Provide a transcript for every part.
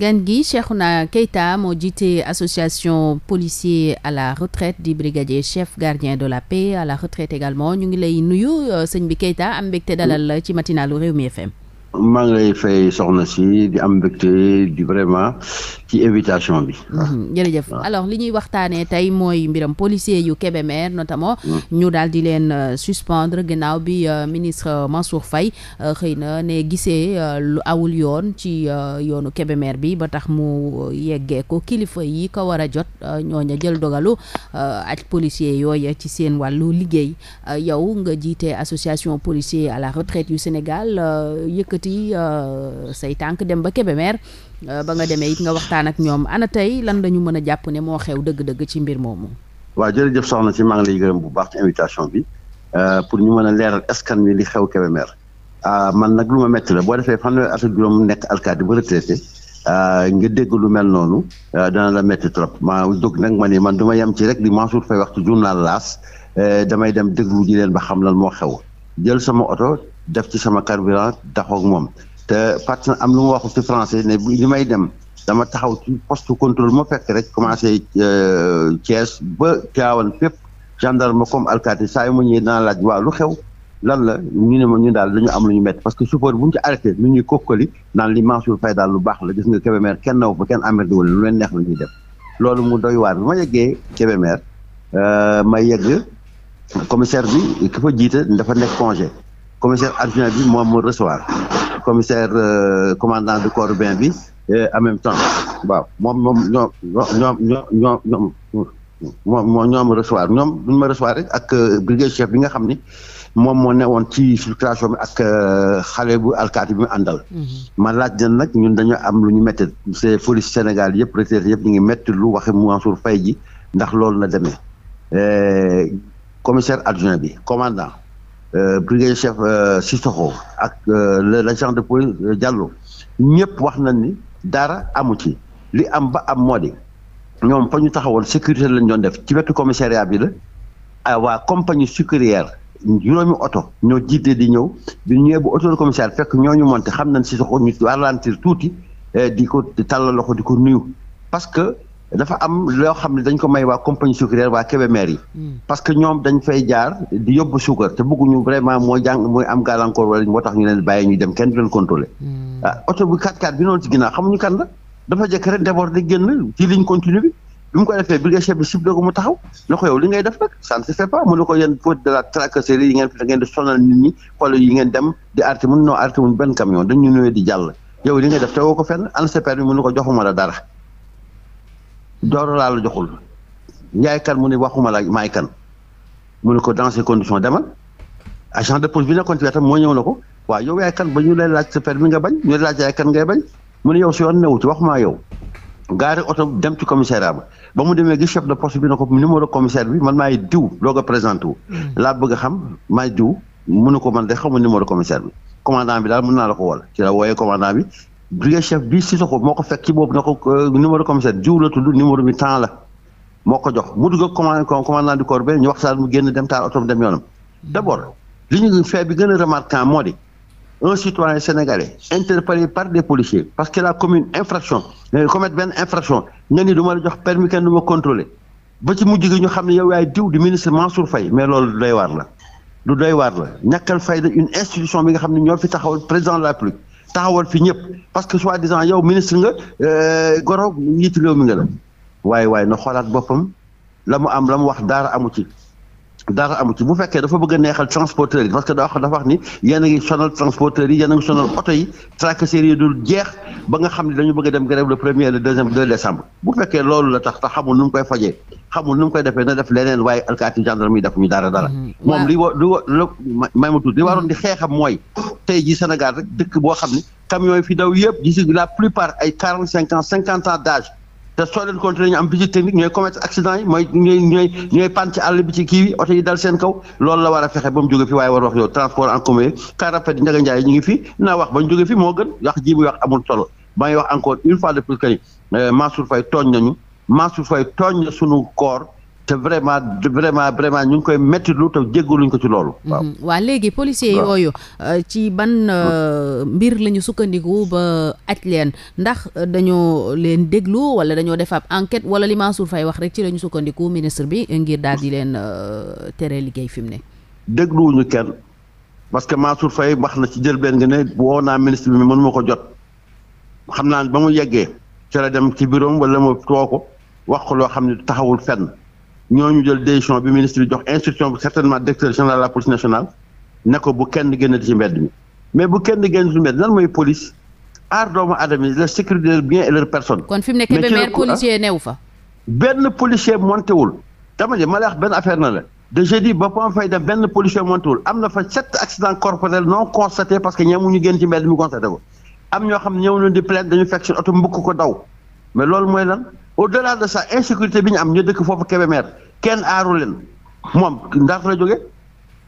gan gi na Keita moo jiite association policier à la retraite di brigadier chef gardien de la paix à la retraite également ñu ngi lay nuyu euh, sëñ bi Keita am mbégte dalal ci matinalu réew Rewmi FM maa ngi lay fay soxna si di am mbégte di vraiment ci invitation bi. Mhm, jërëjëf alors li ñuy waxtaanee tey mooy mbiram policier yu Kébémer notamment mm. ñu daal di leen euh, suspendre ginnaaw bi euh, ministre euh, Mansour Faye xëy na ne gisee lu awul yoon ci yoonu Kébémer bi ba tax mu yeggee ko kilifa yi ko war a jot ñooña jël dogalu ak policier yooya ci seen wàllu liggéey yow nga jiite association policier à la retraite yu Sénégal yëkkati yëkkati euh, say tànk dem ba Kébémer euh, ba nga demee it nga waxtaan ak ñoom ana tey lan dañu mën a jàpp ne moo xew dëgg-dëgg ci mbir moomu. waa jërëjëf soxna si maa ngi lay gërëm bu baax ci invitation euh, pour ñu mën a leeral askan wi li xew Kébémer man nag lu ma métti boo defee fanweeri at ak nekk alkaati ba retraité nga dégg lu mel noonu dana la métti trop maa dugg nag ma ni man du ma yem ci rek li Mansour Faye wax ci journal laas damay dem dëggu ji leen ba xam lan moo xew jël sama oto def ci sama carburant taxaw moom te partenaire am lu mu wax ci français ne li may dem dama taxaw ci poste contrôle ma fekk rek commencé euh, Thiès ba Tivaouane fépp gendarme comme alkaati saa yu ma ñëwee dana laaj waa lu xew lan la ñu ne ma ñu daal dañu am lu ñu métti parce que chauffeur bu ñu ci arrêté nu ñuy kokkali naan li Mansour Faye daal lu baax la gis nga Kébémer kenn naw fa kenn amee duwul lu leen neex la ñuy def loolu mu doy waar bi ma yeggee Kébémer euh, ma yegg commissaire bi ki fa jiite dafa nekk commissaire adjoint bi moom mu recevoir commissaire euh, commandant de corps urbain bi euh, en même temps waaw moom moom ñoom ñoom ñoom ñoom moom ñoom recevoir ñoom ma recevoir rek ak euh, brigade chef bi nga xam ni moom moo ne woon ci filtration bi ak xale bu alkaati bi mu àndal. Mm-hmm. ma laaj na nag ñun dañoo am lu ñu métti c'est police Sénégal yëpp retraité yëpp ñu ngi métti lu waxi Mansour Faye ji ndax loolu la demee commissaire adjoint bi commandant. Euh, brigadier chef euh, Sissoko ak euh, l'agent de police Diallo ñëpp wax nañ ni dara amu ci li am ba am moo di ñoom fa ñu taxawoon sécurité lañ doon def ci wetu commissariat bi la ah, waa compagnie sucrière juróomi oto ñoo jiitee di ñëw bi ñëwee bu oto commissariat fekk ñooñu monte xam nañ Sissoko ñu ralentir tuuti di ko tàllal loxo di ko nuyu parce que dafa am loo xam ne dañ ko may waa compagnie sucrière waa yi. Hmm. parce que ñoom dañ fay jaar di yóbbu suukar te bëgguñu vraiment mooy jàng mooy am gàllankoor wala moo tax ñu leen bàyyi ñu dem kenn du leen contrôlé. Hmm. ah oto bu 4x4 bi dafa jëkk rek débordé génn ci ligne continue bi bi mu ko defee brigade chef bi sib ko mu taxaw na ko yow de la tracasserie yi ngeen yi ngeen dem di arrêté mun noo arrêté mun benn camion dañu ñëwee di jàll yow li ngay def tegoo ko fenn ANSEPER bi mu ne ko joxuma la dara Jooro a la joxul Ndiaye kan mu ne waxuma la maay kan mu ne ko dans ces conditions demal agent de poste bi nekkoon ci wetam moo ñëw na ko waaw yow yaay kan ba ñu lay laaj sa permis nga bañ ñu lay laaj yaay kan ngay bañ mu ne yow su yoon newu ci waxumaa yow gaari oto dem ci ba mu demee chef de poste bi ne ko numéro commissaire bi man maay diw doog a hmm. laa bëgg a xam maay diw mu ko man de xamul numéro commissaire bi commandant bi daal mën naa la ko wol ci la bi brigade chef bi Sissoko moo ko fekk ci boobu na ko euh, numéro commissaire jiw la tudd numéro bi temps la moo ko jox mu dugg commandant commandant corps ñu waxtaan par des policiers parce qu'il a commis infraction euh, commettre benn infraction nga ni du ma la jox permis kenn du ma contrôler ba ci mujj gi ñu xam ne yow yaay diw di ministre Mansour Faye mais loolu doy waar la lu doy waar la ñàkkal fayda une institution bi nga xam ne ñoo fi taxawal président de la République taxawal fi ñëpp parce que soi-disant yow ministre nga euh, goro njiitu réew mi nga la waaye waaye na xoolaat boppam la mu am la mu wax daara amu ci dara amu ci bu fekkee dafa bëgg a neexal transporteur yi parce que dafa wax ni yéen a ngi sonal transporteur yi yéen a ngi sonal oto yi tracasserie yi dul jeex ba nga xam ni dañu bëgg a dem grève le premier le deuxième deux décembre bu fekkee loolu la tax tax xamul nu koy fajee xamul nu mu koy defee na def leneen waaye alkaati gendarme yi def ñu dara dara mm-hmm. moom li wa li wa may ma tudd li waroon di xeexam mooy tey ji Sénégal rek dëkk boo xam ne camions yi fi daw yëpp di si la plupart ay quarante cinq ans cinquante ans d'âge te soo leen continué ñu am visite technique ñooy commettre accident yi mooy ñooy ñooy ñooy pan ci àll bi ci yi dal seen kaw loolu la wara a fexe ba mu jóge fi waaye war wax yow transport en commun yi car rapide Ndiaga Ndiaye ñu ngi fi na wax ba ñu jóge fi moo gën wax ji muy wax amul solo maa ngi wax encore une fois de plus que ni euh, Mansour Faye tooñ nañu na sunu koor te vraiment vraiment vraiment ñu ngi koy méttitlu te luñ ko ci loolu. Mhm. waaw waa léegi policiers yooyu. Euh, ci ban euh, mbir lañu sukkandiku ba aj leen ndax dañoo leen déglu wala dañoo def ab enquête wala li Mansour fay wax rek ci lañu sukkandiku ministre bi ngir daal di leen euh, tere liggéey fi mu ne. dégluwuñu kenn parce que Mansour Faye wax na ci jël jëlbeen nga ne woo naa ministre bi mënuma ko jot xam naa ba mu yeggee. ca la dem ci bureau wala mu too ko wax ko loo xam ne taxawul fenn. ñoo ñu jël décision bi ministre bi jox instruction bi certainement directeur général de la police nationale ne ko bu kenn génnati ci mbedd mi mais bu kenn génnati ci mbedd lan mooy police aar doomu aadama yi la sécurité de leur bien et leur personne. kon fi mu nekk maire policier montewul dama ne ma lay wax benn affaire na la. de jeudi ba pom fay dem benn policier montewul am na fa sept accidents corporels non constatés parce que ñoom ñu génn ci mbedd mi constaté ko ñëw nañu di dañu fekk seen oto mbëkk ko daw mais loolu mooy lan. au-delà de ça insécurité bi ñu am ñu dëkk foofu Kébémer kenn aaru leen moom ndar la jóge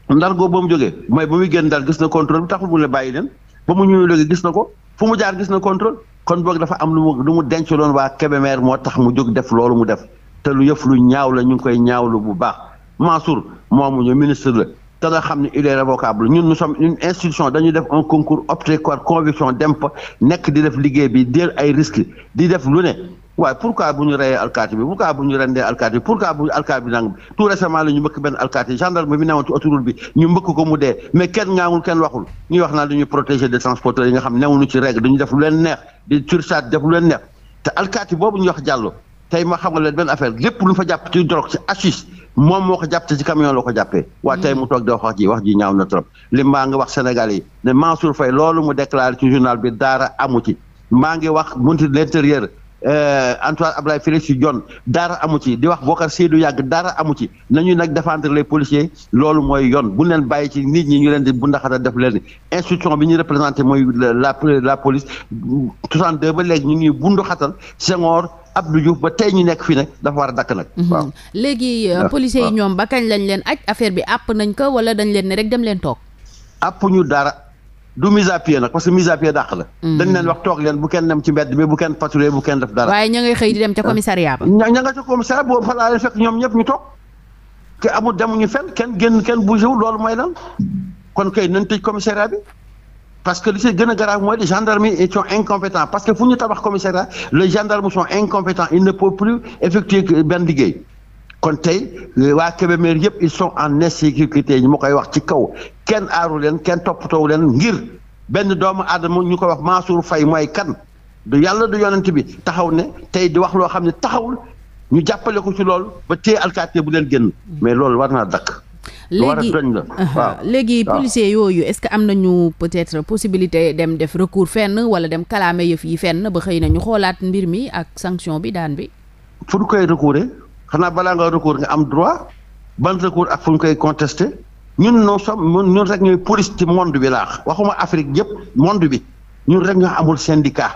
ndar goo ba mu jógee mooy ba muy génn ndar gis na contrôle bi taxul mu ne bàyyi leen ba mu ñëwee gis na ko fu mu jaar gis na contrôle kon boog dafa am lu mu lu mu denc loon waa Kébémer moo tax mu jóg def loolu mu def te lu yëf lu ñaaw la ñu ngi koy ñaawlu bu baax Mansour mu ñu ministre la te nga xam ne il est révocable ñun nous sommes une institution dañuy def un concours opté par conviction dem fa nekk di def liggéey bi déel ay risques di def lu ne waaye pourquoi bu ñu reyee alkaati bi pourquoi bu ñu rendee alkaati bi pourquoi bu alkaati bi nang tout récemment la ñu mbëkk benn alkaati gendarme bi newoon ci autoroute bi ñu mbëkk ko mu dee mais kenn ñaangul kenn waxul ñuy wax naan ñu protéger des transporteurs yi nga xam newuñu ci règle dañu def lu leen neex di surcharge def lu leen neex te alkaati boobu ñu wax jàllo tey ma xam xamal leen benn affaire lépp lu fa jàpp ci drogue ci assis moom moo ko jàpp ci camion la ko jàppee waa tey mu toog di wax ji ñaaw na trop li maa ngi wax Sénégal yi ne loolu mu déclaré ci journal bi daara amu ci maa ngi wax ministre de l'intérieur Euh, Antoine Ablaye Félix Diome dara amu ci di wax Bokar Seydou yàgg dara amu ci nañu nag défendre les policiers loolu mooy yoon bu leen bàyyi ci nit ñi ñu leen di bu ndaxata def leen institution bi ñu représenté mooy la la police 62 ba ñu ngi bundu xatal Senghor Abdou Diouf ba tey ñu nekk fii nag dafa war a dakk nag. Mhm. waaw léegi euh, ah, policiers yi ñoom ba kañ lañ leen aj affaire bi àpp nañ ko wala dañ leen ne rek dem leen toog. àpp ñu dara. du mise à pied nag parce que mise à pied dàq la. Hmm. dañ leen wax toog leen bu kenn dem ci mbedd mi bu kenn patrouiller bu kenn def dara. waaye ña ngay xëy di dem ca ah. commissariat ba. ña ña nga ca boobu fa fekk ñoom ñëpp ñu toog te amul demuñu fenn kenn génn kenn bougé wu loolu mooy lan kon kay nañ tëj commissariat bi. parce que li ci gën a grave mooy les gendarmes ils sont parce que fu ñu tabax commissariat les gendarmes sont incompétents ils ne peuvent plus benn liggéey. kon tey euh, waa Kébémer yëpp il sont en insécurité ñu ma koy wax ci kaw kenn aaru leen kenn toppatoo leen ngir benn doomu aadama ñu koy wax Mansour fay mooy kan du yàlla du yonent bi taxaw ne tey di wax loo xam ne taxawul ñu jàppale ko ci loolu ba téye alkaati bu leen gën mais loolu war naa dakk léegi uh-huh. léegi policiers yooyu est-ce que am na ñu peut-être possibilité dem def recours fenn wala dem kalaame yëf yi fenn ba xëy na ñu xoolaat mbir mi ak sanction bi daan bi fu ñu koy xanaa balaa nga recours nga am droit ban recours ak fu ñu koy contesté ñun non sommes ñun rek ñooy police ci monde bi laax waxuma Afrique yëpp monde bi ñun rek nga amul syndicat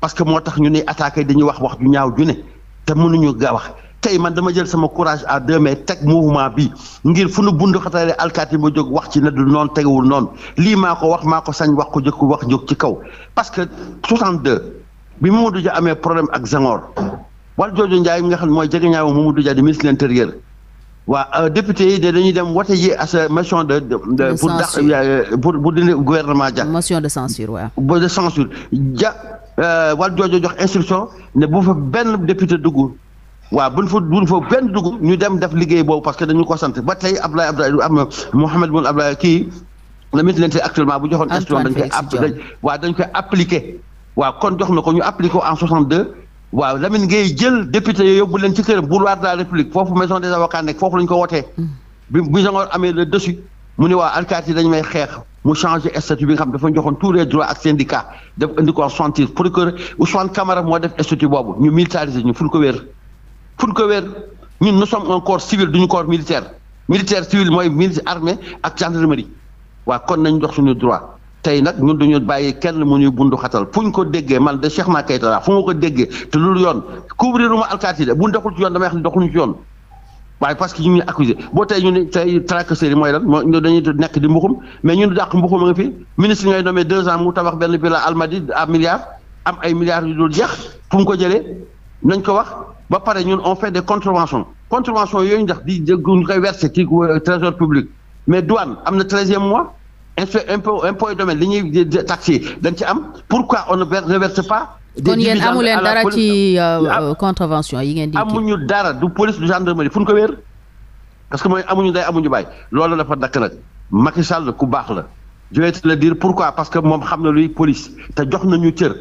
parce que moo tax ñu nii attaqué dañuy wax wax ju ñaaw ju ne te mënuñu gaa wax tey man dama jël sama courage à deux mains teg mouvement bi ngir fu nu bundu xataale alkaati ma jóg wax ci na du noon tegewul noonu lii maa ko wax maa ko sañ wax ko jëkk wax jóg ci kaw parce que 62 bi Mamadou Dia amee problème ak Senghor Valdiodio Ndiaye mi nga xam ne mooy jegeñaawu Mamadou Dia di ministre de l'intérieur waa euh, député yi de dañuy dem wote ji as euh, motion de de pour dax euh, pour pour dindi gouvernement Dia. motion de censure waaw. bo de censure Dia Valdiodio jox instruction ne bu fa benn député dugg waa buñ fo buñ fa benn dugg ñu dem def liggéey boobu parce que dañu ko sant ba tey Abdoulaye Abdoulaye am Mouhamed Boun Abdoulaye kii le ministre de l'intérieur actuellement bu joxoon instruction dañ koy waaw dañ koy appliquer waaw kon jox na ko ñu appliquer ko en 62. waaw Lamine Gueye jël député yooyu yóbbu leen ci këram boulevard de la république foofu maison des avocats nekk foofu la ko wootee. bi bi Senghor amee le dessus mu ne waa alkaati yi dañu may xeex mu changé statut bi nga xam dafa joxoon tous les droits ak syndicat def indi ko en soixante pour que Ousmane Camara moo def statut boobu ñu militariser ñu ful ko wér. ful ko wér ñun nous sommes un corps civil duñu corps militaire militaire civil mooy milice armée ak gendarmerie waaw kon nañ jox suñu tey nag ñun duñu bàyyi kenn mu ñuy bundu xatal fu ñu ko déggee man de Cheikh Ma Keita laa fu ma ko déggee te loolu yoon couvrir lu bu doxul ci yoon waaye parce que ñu ngi accusé boo tey ñu ne tey tracasserie ñu dañuy nekk di mbuxum mais nga fi ministre ngay nommé deux ans mu tabax benn villa Almadies à milliards am ay milliards yu dul jeex fu ko jëlee nañ ko wax ba pare ñu on fait des conventions conventions yooyu ndax di ñu koy versé ci euh, trésor public mais douane am na treizième mois inspe impôt impôt domaine li ñuy taxe yi dañ ci am pourquoi on ne reverse pas. des kon yéen dara ci euh, euh, contravention yi ngeen di. amuñu dara du police du gendarmerie fu ñu ko wéer parce que mooy amuñu day amuñu bàyyi loolu dafa dakk nag Macky ku baax la je vais te parce que moom xam na luy police te jox nañu cër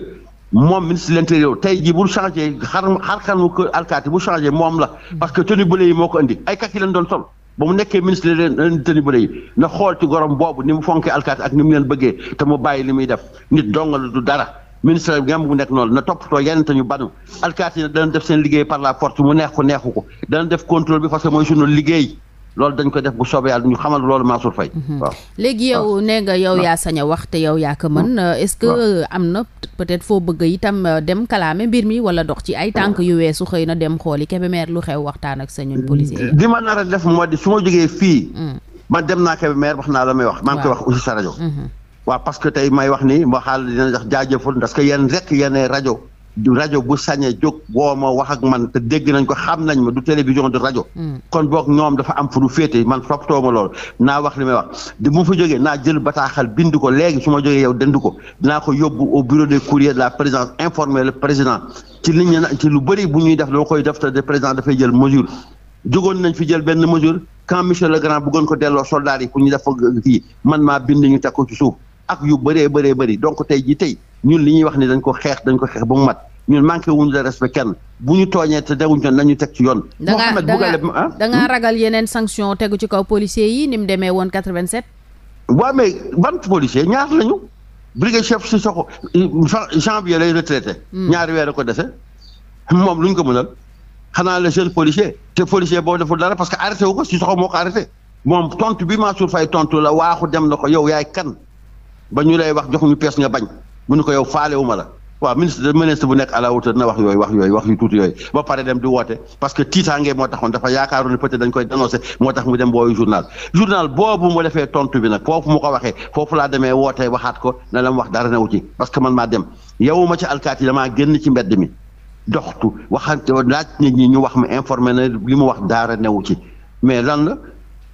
moom ministre de l'intérieur tey jii bu changé xar xar xar mu alkaati bu changé moom la parce que tenue bu yi moo ko indi ay kaki leen doon sol. ba mu nekkee ministre de l'intérieur yi na xool ci gorom boobu ni mu fonkee alkaati ak ni mu leen bëggee ta mu bàyyi li muy def nit dongal du dara ministre bi nga mu nekk noonu na toppatoo yenn te ñu banu alkaati yi dana def seen liggéey par la force mu neex ko neexu ko dana def contrôle bi parce que mooy sunu liggéey loolu dañ ko def bu soobee yàlla ñu xamal loolu Mansour Faye mhm. waaw léegi yow nee nga yow yaa sañ a wax te yow yaa ko mën est-ce que am na peut-être foo bëgg itam dem kalaame mbir mi wala dox ci ay tànk yu weesu xëy na dem xooli Kébémer lu xew waxtaan ak sa ñun policiers ma nar a def moo di su ma jógee fii. Mm. ma dem naa Kébémer wax naa la may wax. maa koy wax aussi sa rajo. Mhm. waaw parce que tey may wax ni ma xaal dina jox jaajëfal parce que yéen rek yéen rajo. rajo bu sañee jóg woo ma wax ak man te dégg nañ ko xam nañ ma du télévision du rajo. Hmm. kon boog ñoom dafa am fu du féete man toppatoo ma lool naa wax li may wax di mu fa jógee naa jël bataaxal bind ko léegi su ma jógee yow dend ko dinaa ko yóbbu au bureau la présidence informer le président ci li ñu ci lu bëri bu ñuy def loo koy def te président dafay jël mesure. jógoon nañ fi jël benn mesure quand monsieur grand bëggoon ko delloo soldats yi pour ñu def ko kii man ma bind ñu teg ko ci suuf ak yu bëree bëree bëri donc tey jii tey. ñun li ñuy wax ni dañ ko xeex dañ ko xeex ba mu mat ñun manqué wuñu de respect kenn bu ñu tooñee te dewuñ yoon nañu teg ci yoon. da ngaa da ngaa ah? hmm? ragal yeneen sanction tegu ci kaw policier yi ni mu demee woon 87. waaw mais ban policier ñaar lañu brigade chef si soxo janvier lay retraité. Hmm. ñaari weer ko dese moom luñ ko mënal xanaa le jeune policier te policier boo deful dara parce que arrêté wu ko si soxo moo ko arrêté moom tontu bi Mansour Faye tontu la waaxu dem na ko yow yaay kan ba ñu lay wax jox pees nga bañ. mu ne ko yow faale wu ma la waaw ministre ministre bu nekk à la hauteur dina wax yooyu wax yooyu wax yu tuuti yooyu ba pare dem di woote parce que tiitaange moo taxoon dafa yaakaaroon ne peut-être dañ koy dénoncer moo tax mu dem booyu journal journal boobu mu defee tontu bi nag foofu mu ko waxee foofu laa demee wootee waxaat ko ne la mu wax dara newu ci parce que man maa dem yow ma ci alkaati damaa génn ci mbedd mi doxtu laaj nit ñi ñu wax ma informé na li mu wax daara newu ci mais lan la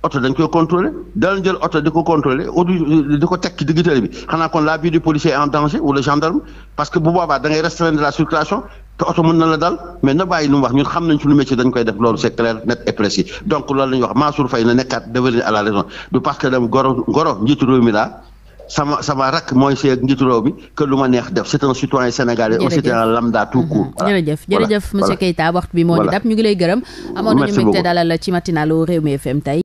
oto dañ koy contrôlé daan jël oto di ko contrôlé odu di ko teg ci digg tali bi xanaa kon la vie du policier est en danger wala gendarme parce que bu boobaa da ngay restreindre la circulation te oto mën na la dal mais na bàyyi lu mu wax ñun xam nañ suñu métier dañ koy def loolu c'est clair net et précis donc loolu la ñuy wax Mansour Faye na nekkaat devenir à la raison du parce que dem goro goro njiitu réew mi laa sama sama rakk mooy see njiitu réew mi que lu ma neex def c'est un citoyen sénégalais aussi c'est un lambda tout court mmh. jërëjëf jërëjëf monsieur Keita waxtu bi moo ñu dab ñu ngi lay gërëm amoon nañu mbégte dalal la ci matinalu Rewmi FM tey